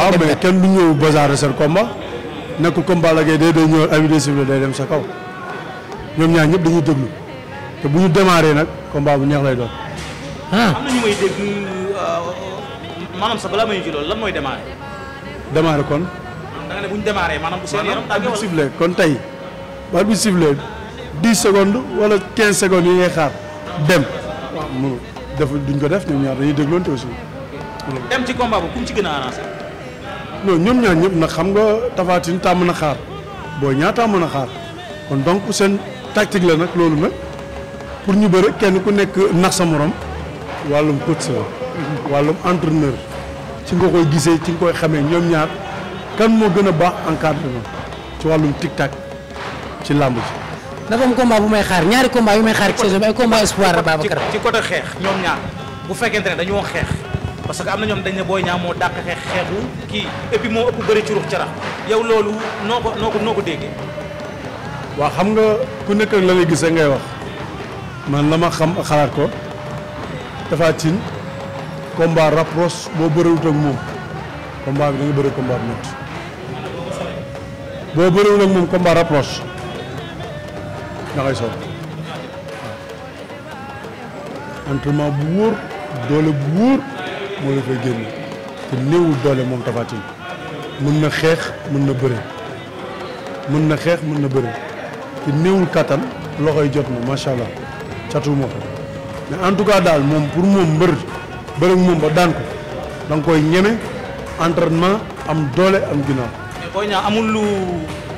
waaw mais kenn du ñëw bazarre seen combat nekk comme Balla Gaye day day ñëw avis de cible day dem sa kaw ñoom ñaar ñëpp dañuy déglu te bu ñu démarré nag combat bu neex lay doon. Ah. am na ñu may euh, lan mooy démarré. démarré kon. da nga ne bu ñu kon tey bal bi cible dix secondes wala quinze secondes yi ngay xaar dem. waaw mu def duñ ko def ñoom ñaar dañuy te aussi. dem ci combat bu ku ci gën a arrangé. non ñoom ñaar ñëpp nag xam nga Tapha Tine tàmm na xaar boo Niang tàmm na xaar kon donc seen tactique la nag loolu nag pour ñu bëre kenn ku nekk nax sa morom wàllum coach la wàllum entraîneur ci nga koy gisee ci nga koy xamee ñoom ñaar kenn moo gën a baax encadrement ci wàllum tic tac ci làmb ji. dafa am combat bu may xaar ñaari combat yu may xaar ci saison bi ay combat espoir la Babacar. ci côté xeex ñoom ñaar bu fekkente ne dañoo xeex. parce que am na ñoom dañ ne Boy Niang moo dàq xeex xeexu kii et puis moo ëpp bëri ci carax yow loolu noo ko noo ko déggee. waaw xam nga ku nekk ak la lay ngay wax man la ma xam ak xalaat ko Tapha Tine combat rapproche boo bëriwut ak moom combat nga bëri combat bu métti boo rapproche da ngay soog entraînement bu wóor doole bu wóor. moo la fay génn te néewul doole moom Tapha Tine mën na xeex mën na bëre mën na xeex mën na bëre te néewul kattan loxoy jot na macha allah catuma ko mais en tout cas daal moom pour moom mbër bëri moom ba daan koy ñeme entraînement am doole am ginnaaw. mais booy amul lu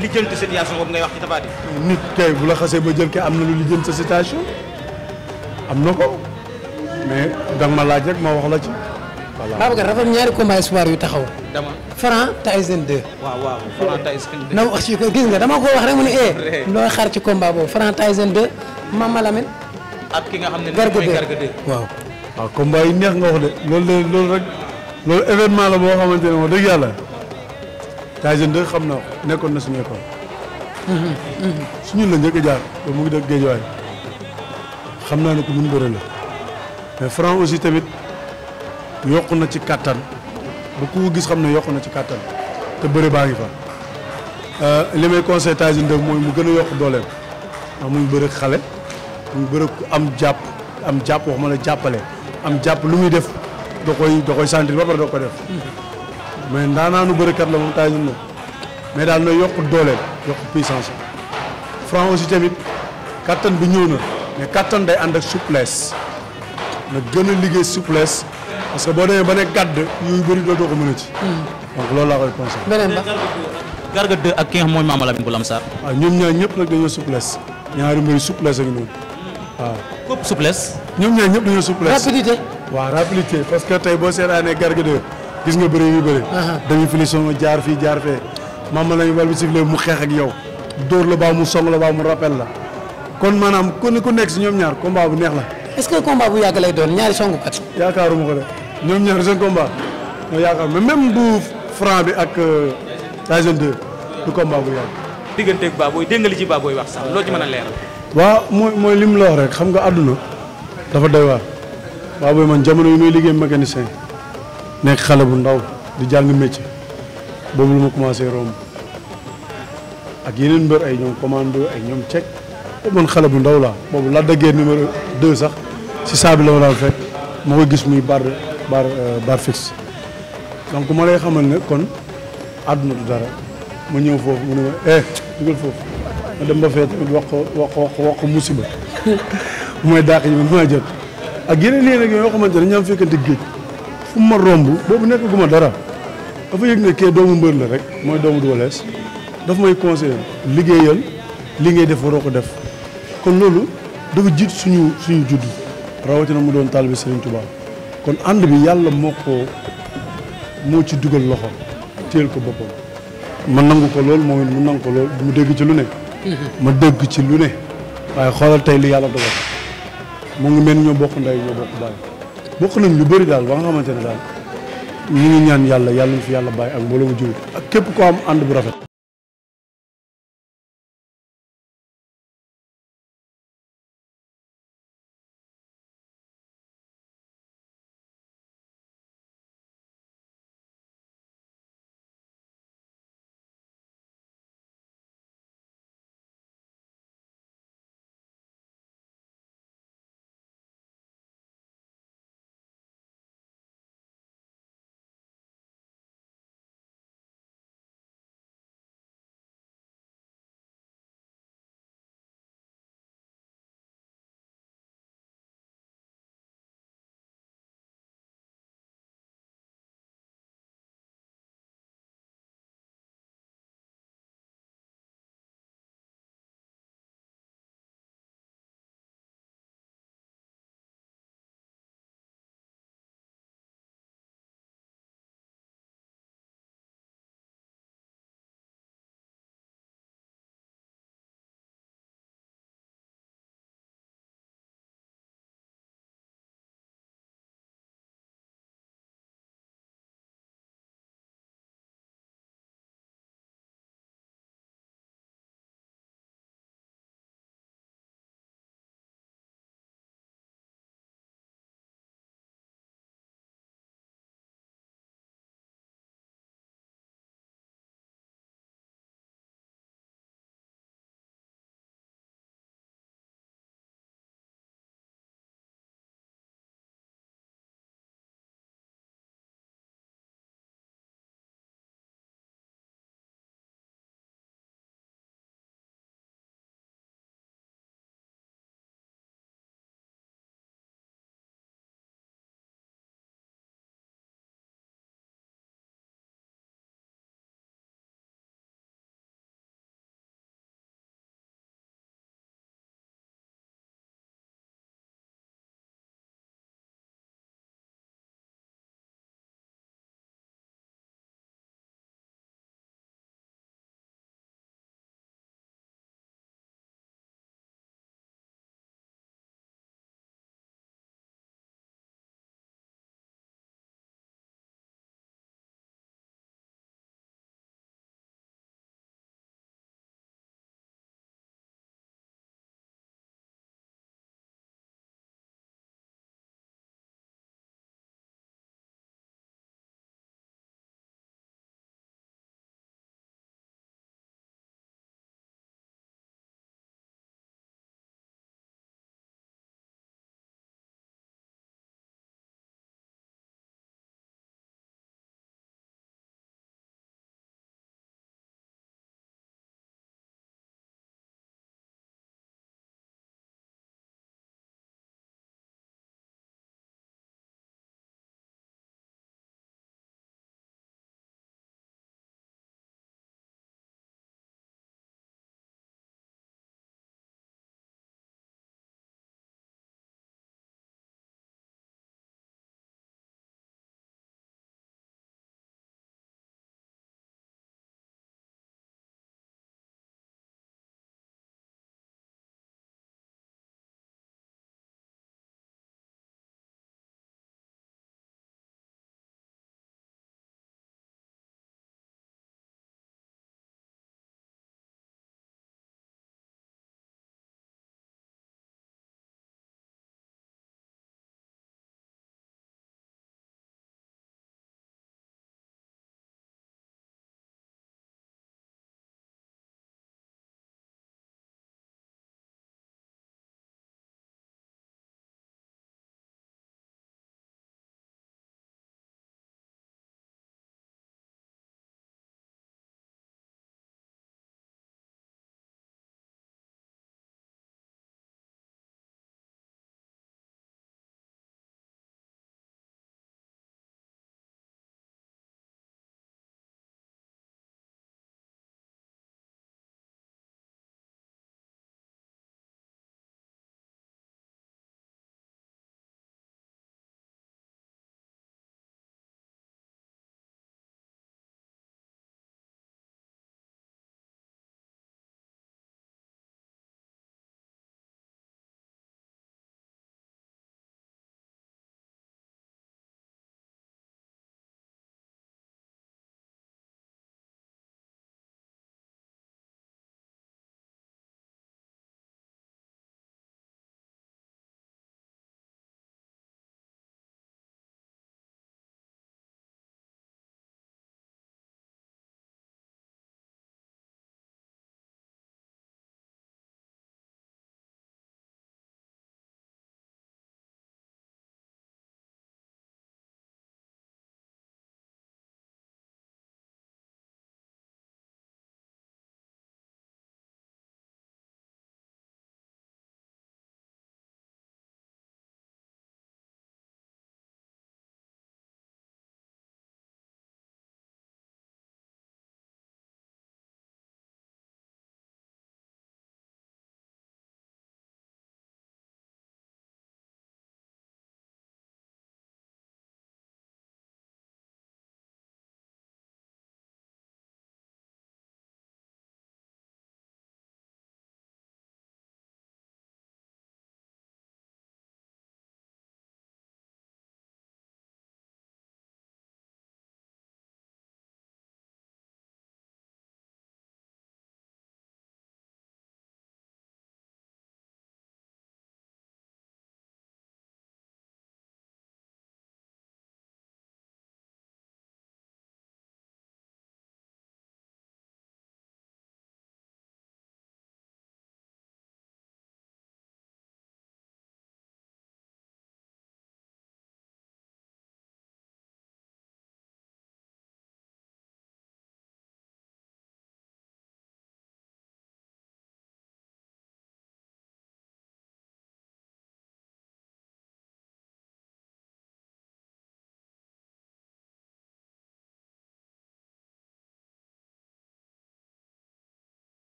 lijjanti situation boobu ngay wax ci Tapha nit kay bu la xasee ba jël kay am na lu lijjanti sa situation am na ko mais danga ma laaj rek ma wax la ci. waaw Babacar dafa am ñaari combat espoir yu taxaw. dama Franc Tyson 2. waaw waaw Franc Tyson 2. na wax ci ko gis nga dama ko wax rek mu ne eh. xaar ci combat boobu Franc Tyson 2 Mama Lamine. ak ki nga xam ne mooy Garga 2 waaw. waaw combat yi neex nga wax de loolu de loolu rek loolu événement la boo xamante ne moom dëgg yàlla Tyson 2 xam na nekkoon na suñu école. Mhm, mhm. suñu la njëkk a jaar ba mu ngi géej waay xam naa ne ko mun bëre la mais Franc aussi tamit. yokk na ci kattan bu ku gis xam ne yokk na ci kattan te bëre baa ngi fa euh, li may conseil Tyson 2 mooy mu gën a yokk dooleem ndax muy bëre xale muy bëre am jàpp am jàpp wax ma la jàppale am jàpp lu muy def da koy da koy sentir ba pare da ko def mais ndaanaanu bërekat la moom Tyson 2 mais daal na yokk dooleem yokk puissance Franc aussi tamit kattan bi ñëw na mais kàttan day ànd ak souplesse na gën a liggéey souplesse parce que boo demee ba ne gàdd yooyu bëri dootoo ko mën a ci. Hmm. donc loolu laa koy conseillé. beneen ba Garga 2 ak ki nga xam mooy Mama Lamine bu Lamsar. waaw ah, ñoom ñaar ñëpp nag dañoo souplesse ñaari mbir souplesse ak ñoom waaw. Hmm. Ah. képp souplesse. ñoom ñaar ñëpp dañoo souplesse rapidité. waaw rapidité parce que tey boo seetaanee Garga gis nga bëri yu bëri. demi finition jaar fii jaar fee. Mama Lamine bal bi sifflé mu xeex ak yow dóor la baa mu song la baa mu rappel la kon maanaam ku ne nekk si ñoom ñaar combat bu neex la. est-ce que combat bu yàgg lay doon ñaari songukat. yaakaaruma ko de ñoom ñaari seen combat bu franc bi ak euh, Tyson 2 du combat bu yàgg. digganteeg Baboy a leeral. waaw mooy mooy lim la wax rek xam nga àdduna dafa doy waar man jamono yi muy liggéey mécanicien nekk xale bu ndaw di jàng métier boobu lu ma commencé romb ak yeneen mbër ay ñoom commando ay ñoom cek man xale bu ndaw laa boobu la déggee numéro 2 sax. si saa bi la ma daan fekk ma ko gis muy bar bar euh, bar fixe donc ma lay xamal ne kon àdduna du dara ma ñëw foofu mu eh, ma dem ba fee tamit wax ko wax ko wax ko musiba mooy dàq yi ma jot ak yeneen yéen ak yoo xamante ne ñaam fekkante géej fu ma romb boobu nekk gu ma dara dafa yëg ne kee doomu mbër la rek mooy doomu du walees daf may conseillé liggéeyal li ngay def waroo ko def kon loolu dafa jiit suñu suñu juddu rawatina mu doon taalibe Serigne Touba kon ànd bi yàlla moo ko moo ci dugal loxo téel ko boppam ma nangu ko lool moo mu nangu ko lool mu dégg ci lu ne mm-hmm. ma dégg ci lu ne waaye xoolal tey li yàlla dogal mu ngi mel ñoo bokk ndey ñoo bokk baay bokk nañ lu bari daal ba nga xamante ne daal ñu ngi ñaan yàlla yàlla mu fi yàlla bàyyi ak mbooloo mu ak képp ko am ànd bu rafet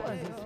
What is this?